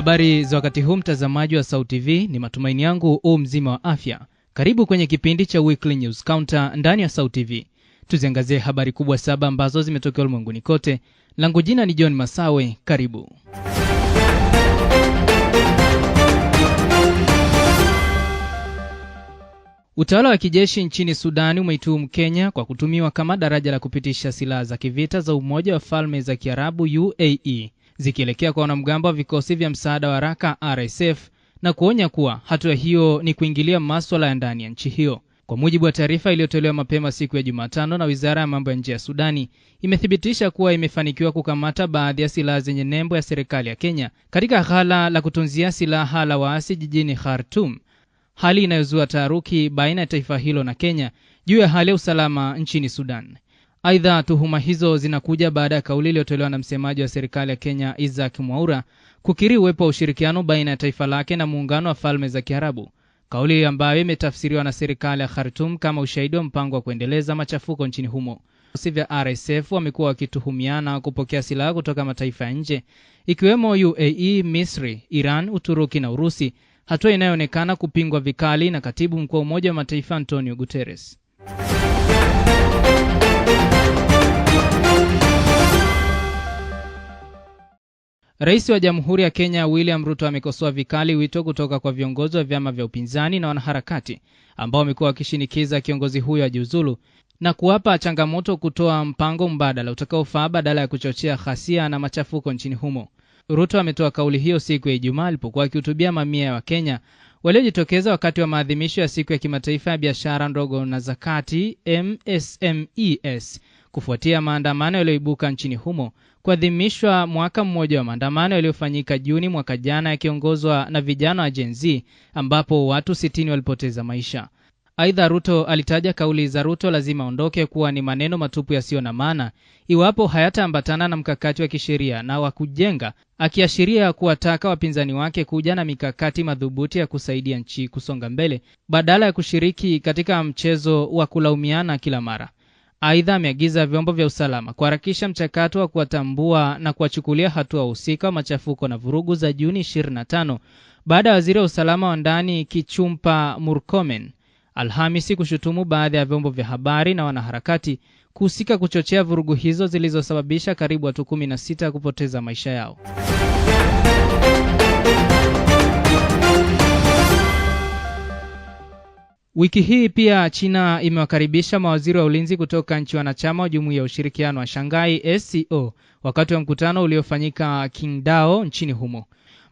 Habari za wakati huu, mtazamaji wa sauti TV, ni matumaini yangu huu mzima wa afya. Karibu kwenye kipindi cha Weekly News Counter ndani ya sauti TV. Tuziangazie habari kubwa saba ambazo zimetokea ulimwenguni kote. Langu jina ni John Masawe, karibu. Utawala wa kijeshi nchini Sudani umeituhumu Kenya kwa kutumiwa kama daraja la kupitisha silaha za kivita za Umoja wa Falme za Kiarabu UAE zikielekea kwa wanamgambo wa vikosi vya msaada wa haraka RSF na kuonya kuwa hatua hiyo ni kuingilia maswala ya ndani ya nchi hiyo. Kwa mujibu wa taarifa iliyotolewa mapema siku ya Jumatano na wizara ya mambo ya nje ya Sudani, imethibitisha kuwa imefanikiwa kukamata baadhi ya silaha zenye nembo ya serikali ya Kenya katika ghala la kutunzia silaha la waasi jijini Khartoum, hali inayozua taharuki baina ya taifa hilo na Kenya juu ya hali ya usalama nchini Sudan. Aidha, tuhuma hizo zinakuja baada ya kauli iliyotolewa na msemaji wa serikali ya Kenya Isaac Mwaura kukiri uwepo wa ushirikiano baina ya taifa lake na muungano wa falme za Kiarabu, kauli ambayo imetafsiriwa na serikali ya Khartoum kama ushahidi wa mpango wa kuendeleza machafuko nchini humo. Vikosi vya RSF wamekuwa wakituhumiana kupokea silaha kutoka mataifa ya nje ikiwemo UAE, Misri, Iran, Uturuki na Urusi, hatua inayoonekana kupingwa vikali na katibu mkuu wa Umoja wa Mataifa Antonio Guterres. Rais wa Jamhuri ya Kenya William Ruto amekosoa vikali wito kutoka kwa viongozi wa vyama vya upinzani na wanaharakati ambao wamekuwa wakishinikiza kiongozi huyo ajiuzulu na kuwapa changamoto kutoa mpango mbadala utakaofaa badala ya kuchochea ghasia na machafuko nchini humo. Ruto ametoa kauli hiyo siku ya Ijumaa alipokuwa akihutubia mamia ya Wakenya waliojitokeza wakati wa maadhimisho ya siku ya kimataifa ya biashara ndogo na zakati MSMES e kufuatia maandamano yaliyoibuka nchini humo kuadhimishwa mwaka mmoja wa maandamano yaliyofanyika Juni mwaka jana yakiongozwa na vijana wa Gen Z ambapo watu sitini walipoteza maisha. Aidha, Ruto alitaja kauli za Ruto lazima aondoke kuwa ni maneno matupu yasiyo na maana iwapo hayataambatana na mkakati wa kisheria na wa kujenga, akiashiria kuwataka wapinzani wake kuja na mikakati madhubuti ya kusaidia nchi kusonga mbele badala ya kushiriki katika mchezo wa kulaumiana kila mara. Aidha, ameagiza vyombo vya usalama kuharakisha mchakato wa kuwatambua na kuwachukulia hatua husika wa machafuko na vurugu za Juni 25 baada ya waziri wa usalama wa ndani Kichumpa Murkomen Alhamisi kushutumu baadhi ya vyombo vya habari na wanaharakati kuhusika kuchochea vurugu hizo zilizosababisha karibu watu 16 kupoteza maisha yao. Wiki hii pia China imewakaribisha mawaziri wa ulinzi kutoka nchi wanachama wa Jumuiya ya Ushirikiano wa Shanghai SCO wakati wa mkutano uliofanyika Qingdao nchini humo.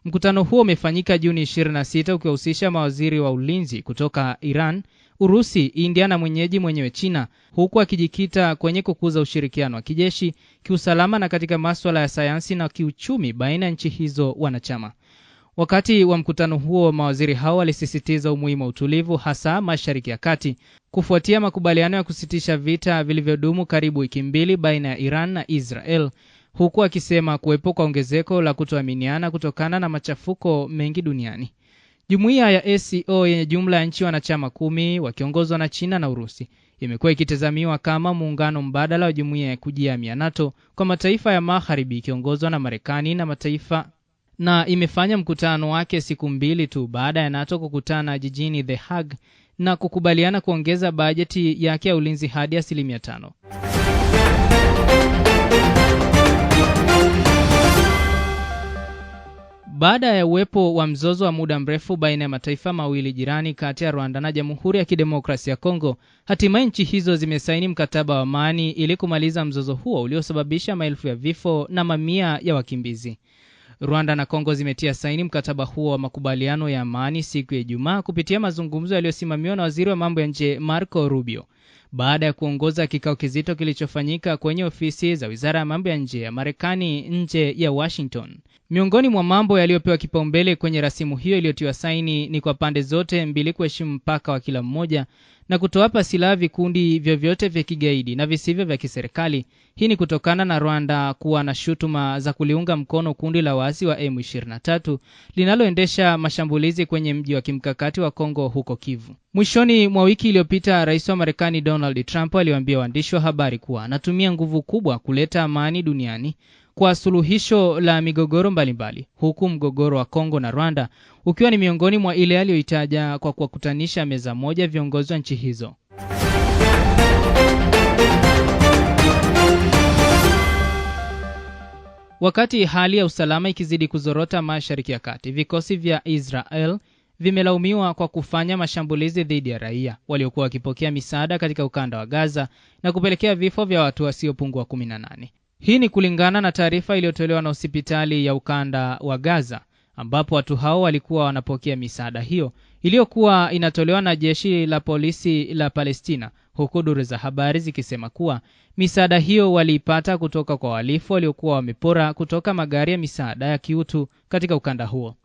Mkutano huo umefanyika Juni 26 ukiwahusisha mawaziri wa ulinzi kutoka Iran, Urusi, India na mwenyeji mwenyewe China, huku akijikita kwenye kukuza ushirikiano wa kijeshi, kiusalama na katika masuala ya sayansi na kiuchumi baina ya nchi hizo wanachama. Wakati wa mkutano huo wa mawaziri hao walisisitiza umuhimu wa utulivu hasa Mashariki ya Kati kufuatia makubaliano ya kusitisha vita vilivyodumu karibu wiki mbili baina ya Iran na Israel huku akisema kuwepo kwa ongezeko la kutoaminiana kutokana na machafuko mengi duniani. Jumuiya ya ACO yenye jumla ya nchi wanachama kumi wakiongozwa na China na Urusi imekuwa ikitazamiwa kama muungano mbadala wa jumuiya ya kujiamia NATO kwa mataifa ya Magharibi ikiongozwa na Marekani na mataifa na imefanya mkutano wake siku mbili tu baada ya NATO kukutana jijini The Hague na kukubaliana kuongeza bajeti yake ya ulinzi hadi asilimia tano. Baada ya uwepo wa mzozo wa muda mrefu baina ya mataifa mawili jirani kati ya Rwanda na Jamhuri ya Kidemokrasia ya Kongo, hatimaye nchi hizo zimesaini mkataba wa amani ili kumaliza mzozo huo uliosababisha maelfu ya vifo na mamia ya wakimbizi. Rwanda na Kongo zimetia saini mkataba huo wa makubaliano ya amani siku ya Ijumaa kupitia mazungumzo yaliyosimamiwa na waziri wa mambo ya nje Marco Rubio baada ya kuongoza kikao kizito kilichofanyika kwenye ofisi za wizara ya mambo ya nje ya Marekani nje ya Washington. Miongoni mwa mambo yaliyopewa kipaumbele kwenye rasimu hiyo iliyotiwa saini ni kwa pande zote mbili kuheshimu mpaka wa kila mmoja na kutowapa silaha vikundi vyovyote vya kigaidi na visivyo vya kiserikali. Hii ni kutokana na Rwanda kuwa na shutuma za kuliunga mkono kundi la waasi wa M23 linaloendesha mashambulizi kwenye mji wa kimkakati wa Kongo huko Kivu. Mwishoni mwa wiki iliyopita, rais wa Marekani Donald Trump aliwaambia waandishi wa habari kuwa anatumia nguvu kubwa kuleta amani duniani kwa suluhisho la migogoro mbalimbali mbali. huku mgogoro wa Kongo na Rwanda ukiwa ni miongoni mwa ile aliyoitaja kwa kuwakutanisha meza moja viongozi wa nchi hizo. Wakati hali ya usalama ikizidi kuzorota Mashariki ya Kati, vikosi vya Israel vimelaumiwa kwa kufanya mashambulizi dhidi ya raia waliokuwa wakipokea misaada katika ukanda wa Gaza na kupelekea vifo vya watu wasiopungua 18. Hii ni kulingana na taarifa iliyotolewa na hospitali ya ukanda wa Gaza ambapo watu hao walikuwa wanapokea misaada hiyo iliyokuwa inatolewa na jeshi la polisi la Palestina, huku duru za habari zikisema kuwa misaada hiyo waliipata kutoka kwa wahalifu waliokuwa wamepora kutoka magari ya misaada ya kiutu katika ukanda huo.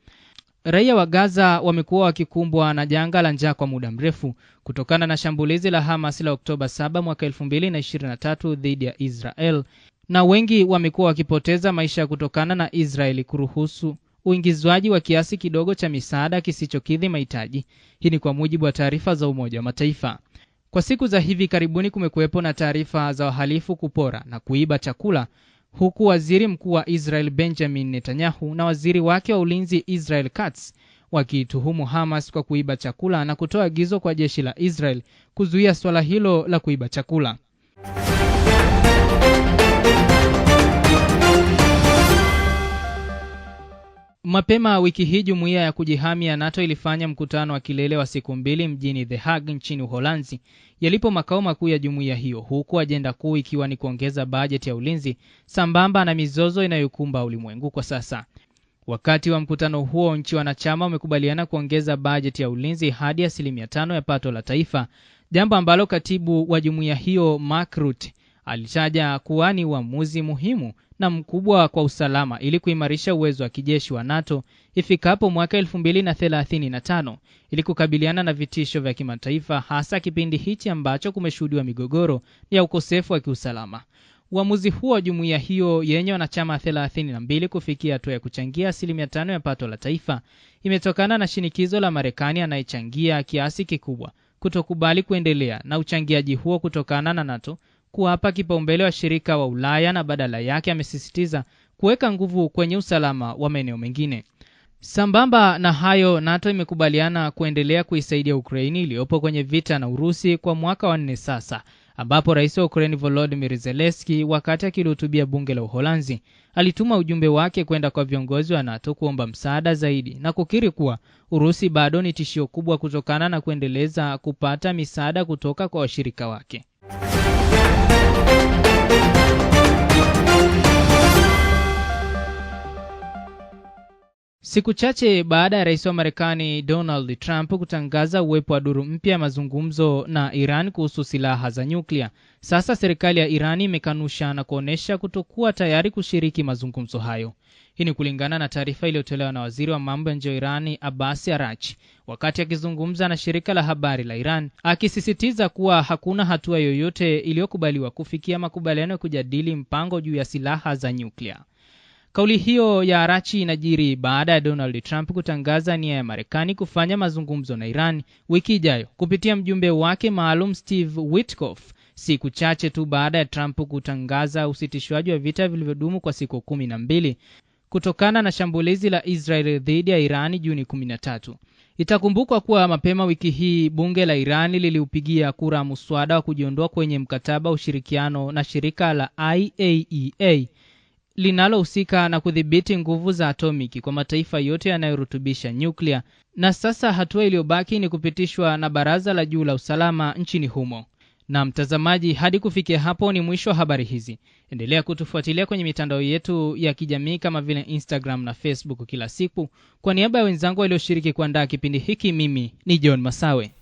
Raia wa Gaza wamekuwa wakikumbwa na janga la njaa kwa muda mrefu kutokana na shambulizi la Hamas la Oktoba 7 mwaka 2023 dhidi ya Israel na wengi wamekuwa wakipoteza maisha kutokana na Israeli kuruhusu uingizwaji wa kiasi kidogo cha misaada kisichokidhi mahitaji. Hii ni kwa mujibu wa taarifa za Umoja wa Mataifa. Kwa siku za hivi karibuni kumekuwepo na taarifa za wahalifu kupora na kuiba chakula, huku waziri mkuu wa Israel Benjamin Netanyahu na waziri wake wa ulinzi Israel Katz wakiituhumu Hamas kwa kuiba chakula na kutoa agizo kwa jeshi la Israel kuzuia swala hilo la kuiba chakula. Mapema wiki hii jumuiya ya kujihami ya NATO ilifanya mkutano wa kilele wa siku mbili mjini The Hague nchini Uholanzi, yalipo makao makuu ya jumuiya hiyo, huku ajenda kuu ikiwa ni kuongeza bajeti ya ulinzi sambamba na mizozo inayokumba ulimwengu kwa sasa. Wakati wa mkutano huo, nchi wanachama wamekubaliana kuongeza bajeti ya ulinzi hadi asilimia tano ya pato la taifa, jambo ambalo katibu wa jumuiya hiyo Mark Rutte Alitaja kuwa ni uamuzi muhimu na mkubwa kwa usalama ili kuimarisha uwezo wa kijeshi wa NATO ifikapo mwaka 2035 ili kukabiliana na vitisho vya kimataifa hasa kipindi hichi ambacho kumeshuhudiwa migogoro ya ukosefu wa kiusalama. Uamuzi huo wa jumuiya hiyo yenye wanachama 32 kufikia hatua ya kuchangia asilimia tano ya pato la taifa imetokana na shinikizo la Marekani anayechangia kiasi kikubwa kutokubali kuendelea na uchangiaji huo kutokana na NATO kuwapa kipaumbele washirika wa Ulaya na badala yake amesisitiza kuweka nguvu kwenye usalama wa maeneo mengine. Sambamba na hayo, NATO imekubaliana kuendelea kuisaidia Ukraini iliyopo kwenye vita na Urusi kwa mwaka wa nne sasa, ambapo rais wa Ukraini volodimir zelenski wakati akilihutubia bunge la Uholanzi alituma ujumbe wake kwenda kwa viongozi wa NATO kuomba msaada zaidi na kukiri kuwa Urusi bado ni tishio kubwa kutokana na kuendeleza kupata misaada kutoka kwa washirika wake. Siku chache baada ya rais wa Marekani Donald Trump kutangaza uwepo wa duru mpya ya mazungumzo na Iran kuhusu silaha za nyuklia, sasa serikali ya Iran imekanusha na kuonesha kutokuwa tayari kushiriki mazungumzo hayo. Hii ni kulingana na taarifa iliyotolewa na waziri wa mambo ya nje wa Irani Abbas Arachi wakati akizungumza na shirika la habari la Iran, akisisitiza kuwa hakuna hatua yoyote iliyokubaliwa kufikia makubaliano ya kujadili mpango juu ya silaha za nyuklia. Kauli hiyo ya Arachi inajiri baada ya Donald Trump kutangaza nia ya Marekani kufanya mazungumzo na Iran wiki ijayo kupitia mjumbe wake maalum Steve Witkoff, siku chache tu baada ya Trump kutangaza usitishwaji wa vita vilivyodumu kwa siku kumi na mbili kutokana na shambulizi la Israel dhidi ya Irani Juni kumi na tatu. Itakumbukwa kuwa mapema wiki hii bunge la Irani liliupigia kura muswada wa kujiondoa kwenye mkataba ushirikiano na shirika la IAEA e linalohusika na kudhibiti nguvu za atomiki kwa mataifa yote yanayorutubisha nyuklia na sasa hatua iliyobaki ni kupitishwa na baraza la juu la usalama nchini humo na mtazamaji hadi kufikia hapo ni mwisho wa habari hizi endelea kutufuatilia kwenye mitandao yetu ya kijamii kama vile instagram na facebook kila siku kwa niaba ya wenzangu walioshiriki kuandaa kipindi hiki mimi ni john masawe